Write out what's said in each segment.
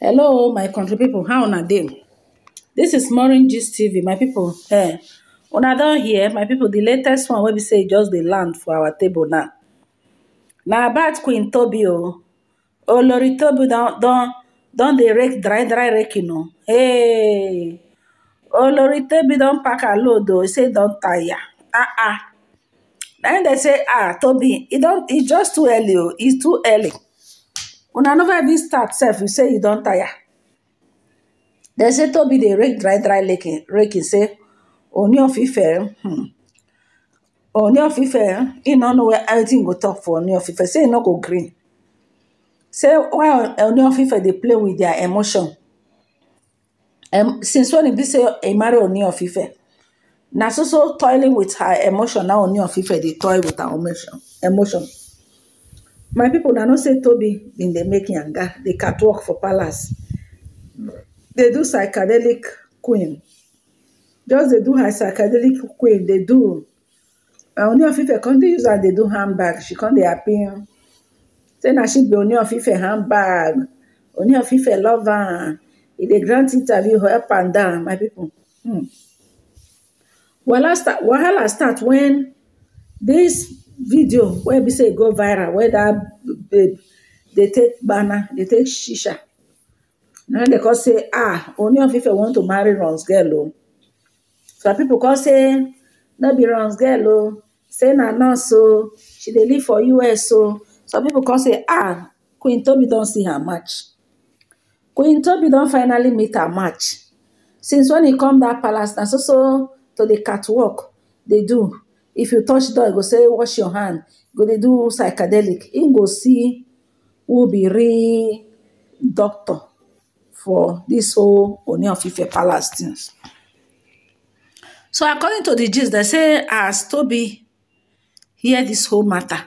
hello my country people. how are they? This is morning gist tv my people. eh una don hear my people. The latest one wey be say e just the land for our table now Now about queen tobi o olori tobi don they rake dry dry raking o hey olori tobi don pack a load o e say e don tire ah ah Then they say ah Toby, it don't e just too early oh it's too early una no fit even start sef you say you don tire dem say tobi dey rake dry dry raking say oni of ife hmm oni of he e no know anything go talk for oni of ife say e no go gree say why oni of ife dey play with their emotion since when e be say e marry oni of ife na so so toiling with her emotion Now oni of ife dey toil with her emotion emotion my pipo na know say toby bin dey make yanga dey catwalk for palace dey do psychedelic queen just dey do her psychedelic queen dey do her oni ife con dey use am dey do handbag she con dey appear say na she be oni ife handbag oni ife love am e dey grant interview up am down my pipo hmm wahala start when this. video wey be say e go viral wey dat babe dey take gbana dey take shisha na im dey come say ah Ooni of Ife want to marry Run's girl oo oh. some pipu come say no be Run's girl oo oh, say na nurse oo oh, she dey live for US oo some pipu come say ah Queen Tobi don see her match Queen Tobi don finally meet her match since when he come dat palace na so so to dey catwalk dey do if you touch door e go say wash your hand go dey do psychedelic im go see who be real doctor for dis whole Ooni of Ife palace things. So according to the gist, they say as Toby hear this whole matter,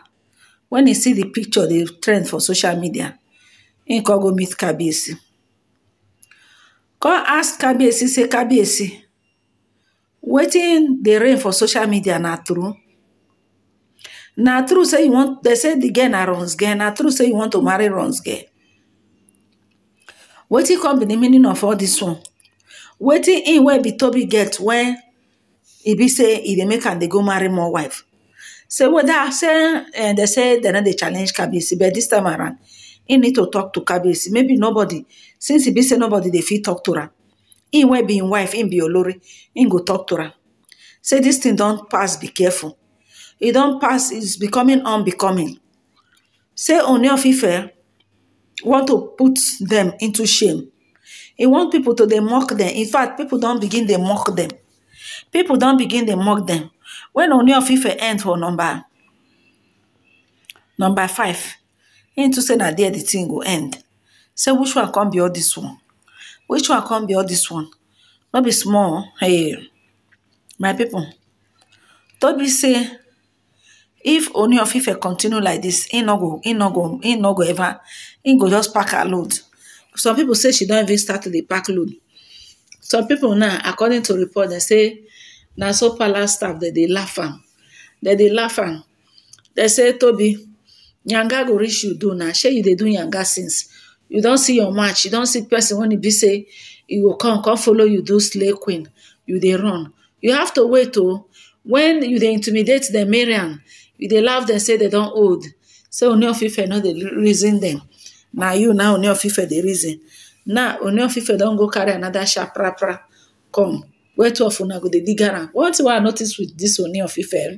when he see the picture, the trend for social media, he can go meet Kabiyesi. Come ask Kabiyesi, say Kabiyesi, Waiting, dey rain for social media na true na true say you want they say the girl na runs girl na true say you want to marry runs girl wetin come be the meaning of all this one Waiting in where be toby get wen e be say e dey make and they go marry more wife say what that. say they eh, say they not the challenge kabisi but this time around he need to talk to kabisi maybe nobody since e be say nobody They feel talk to her. In wey be wife in be olori go talk to her. say this thing don't pass be careful don't pass is becoming unbecoming say only of Ife want to put them into shame He want people to they mock them. in fact people don't begin they mock them. People don't begin they mock them. When only of Ife end for number number five into say that there the thing go end say which one come be all one which one come be all this one no be small hey my pipo tobi say if only of ife continue like this, he no go he go he go ever He go just pack her load some people say she don't even start to the pack load some people now according to report they say now so palace staff dem dey laugh am dem dey laugh am dem say tobi yanga go reach you do now. shey you they do yanga since you don see your match you don see person when e be say e go come come follow you do slay queen you dey run you have to wait o oh. when you dey intimidate dem marian you dey laugh dem say dem don old say oni of ife no dey reason dem na you now oni of ife dey reason now oni of ife don go carry another sharp pra come where two of una go dey dig around one thing wey i notice with this oni of ife eh?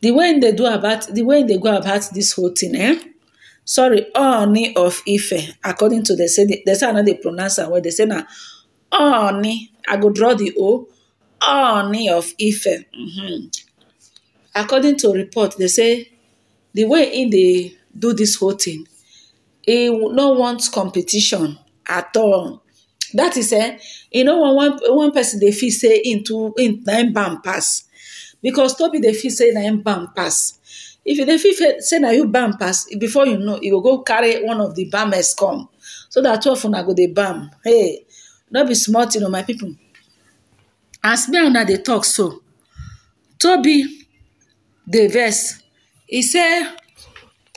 the way im dey do about the way im dey go about this whole thing eh sorry oni of ife according to dem say dem say i no dey pronounce am well dem say na oni i go draw the o oni of ife mm-hmm. according to report dem say di way im dey do this whole thing. e no want competition at all that is eh You know, wan one one person dey feel say im na im bam pass because tobi dey feel say na im bam pass if you dey feel say na you bam pass before you know you go go carry one of the bammers come so that twelve una go dey bam hey no be small thing o oh, my people as me and una dey talk so Toby, dey vex e say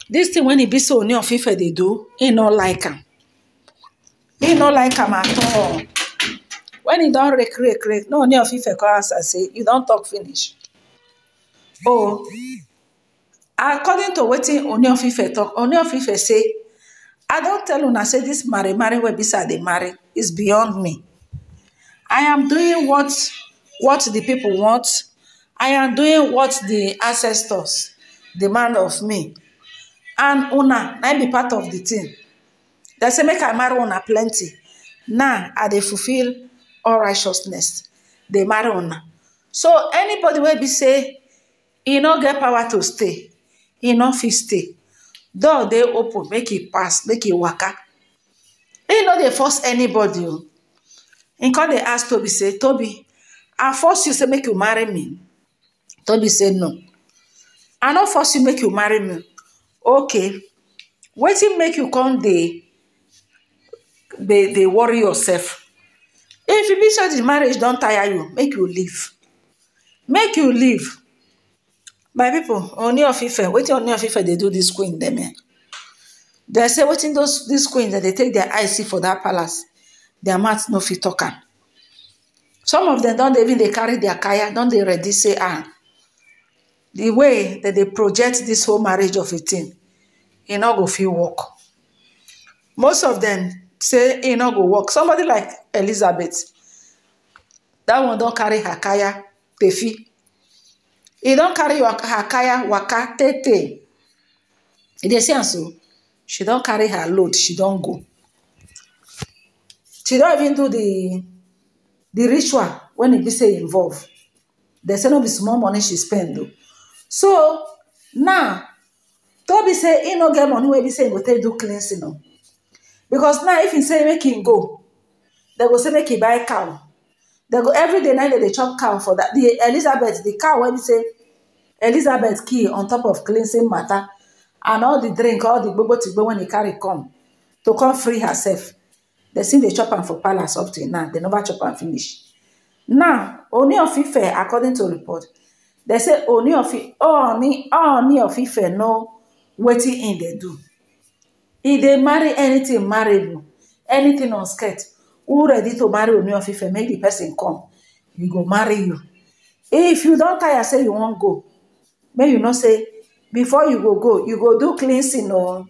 this thing wen e be so Ooni of Ife dey do e no like am e no like am at all When e don rake rake rake no Ooni of Ife come answer say you don talk finish oh according to wetin oni of ife talk, oni of ife say i don't tell una say this marry marry wey beside they marry is beyond me i am doing what what the people want i am doing what the ancestors demand of me and una I be part of the team They say make i marry una plenty now i they fulfill all righteousness They marry una so anybody will be say e no get power to stay He no fit stay door dey open make e pass make e waka He no dey force anybody o e come dey ask Toby, say Toby, i force you say make you marry me Toby say no i no force you make you marry me okay wetin make you come dey dey dey worry yourself if you be say the marriage don tire you make you leave make you leave my pipo oni of ife wetin oni of ife dey do dis queen dem eh dem say wetin dis queen dem dey take their eye see for dat palace their mouth no fit talk am some of dem don even dey carry their kaya don dey ready say ah the way dem dey project dis whole marriage of a thing e no go fit work most of dem say e no go work somebody like elizabeth dat one don carry her kaya tefi e don carry her kaya waka tey tey e dey see am so she don carry her load she don go she don even do the the ritual when e be say e involve dem say no be small money she spend o so now tobi be say e no get money wey be say e go take do cleansing o because now if e say make e go dem go say make e buy cow dem go everyday na dem dey chop cow for that the elizabeth the cow wey be say elizabeth kill on top of cleansing matter and all the drink all the gbogbo tigbo wey e carry come to come free herself dem still dey chop am for palace up till now dem never chop am finish now Ooni of according to report dem say Ooni of Ife Ooni Ooni of Ife know wetin im dey do e dey marry anything marryable anything on skirt who ready to marry Ooni of Ife make the person come you go marry you if you don tire say you wan go make you know say before you go go you go do cleansing o oh.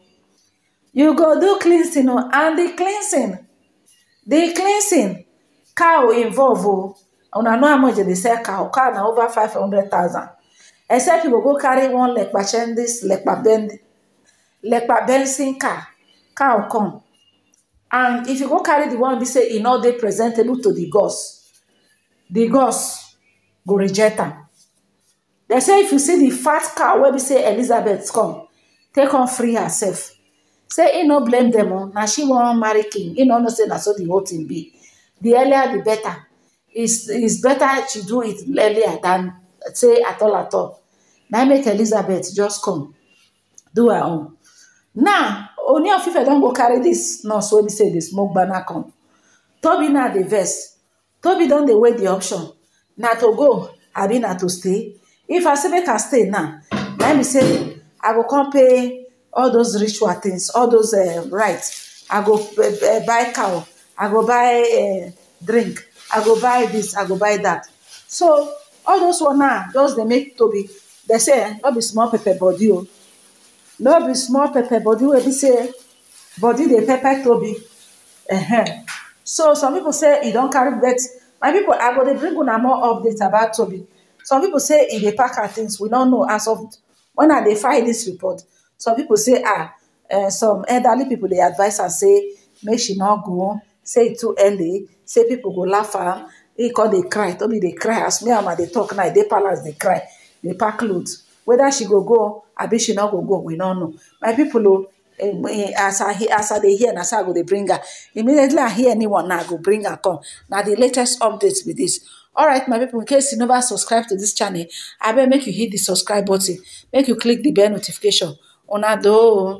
you go do cleansing o oh. and the cleansing the cleansing cow involve o oh. una know how much dem dey sell cow cow na over five hundred thousand except you go go carry one lekpa chendis lekpa bend lekpa benzin car cow come and if you go carry the one they say in no dey presentable to the gods the gods go reject am They say if you see the fat cow wey be say elizabeth come take on free herself say e no blame them o oh. Now she wan marry king e no know say na so the whole thing be the earlier the better it's it's better to do it earlier than say at all at all Now make elizabeth just come do her own now only of ife don't go carry this, dis So let me say dey smoke banner come tobi na the vex Toby don't the way the option na to go I be na to stay if i say make i stay now let me say i go come pay all those ritual things all those eh, rights. i go eh, eh, buy cow i go buy drink i go buy this i go buy that so all those one now just they make Toby? They say no be small pepper body oh. no be small pepper body wey be say body dey pepper tobi uh-huh. so some people say e don carry vet my people i go dey bring una more update about tobi some people say e dey pack her things we no know as of when i dey find this report some people say ah eh, some elderly people dey advise her say make she no go say e too early say people go laugh am e call dey cry tobi dey cry as me and dey talk now they dey palace dey cry they pack loot. whether she go go abi she no go go we no know my people oh, eh, as i as i dey hear na so i go dey bring her immediately i hear anyone na i go bring her come na the latest update be this alright my people in case you never subscribe to this channel I abeg make you hit the subscribe button make you click the bell notification una do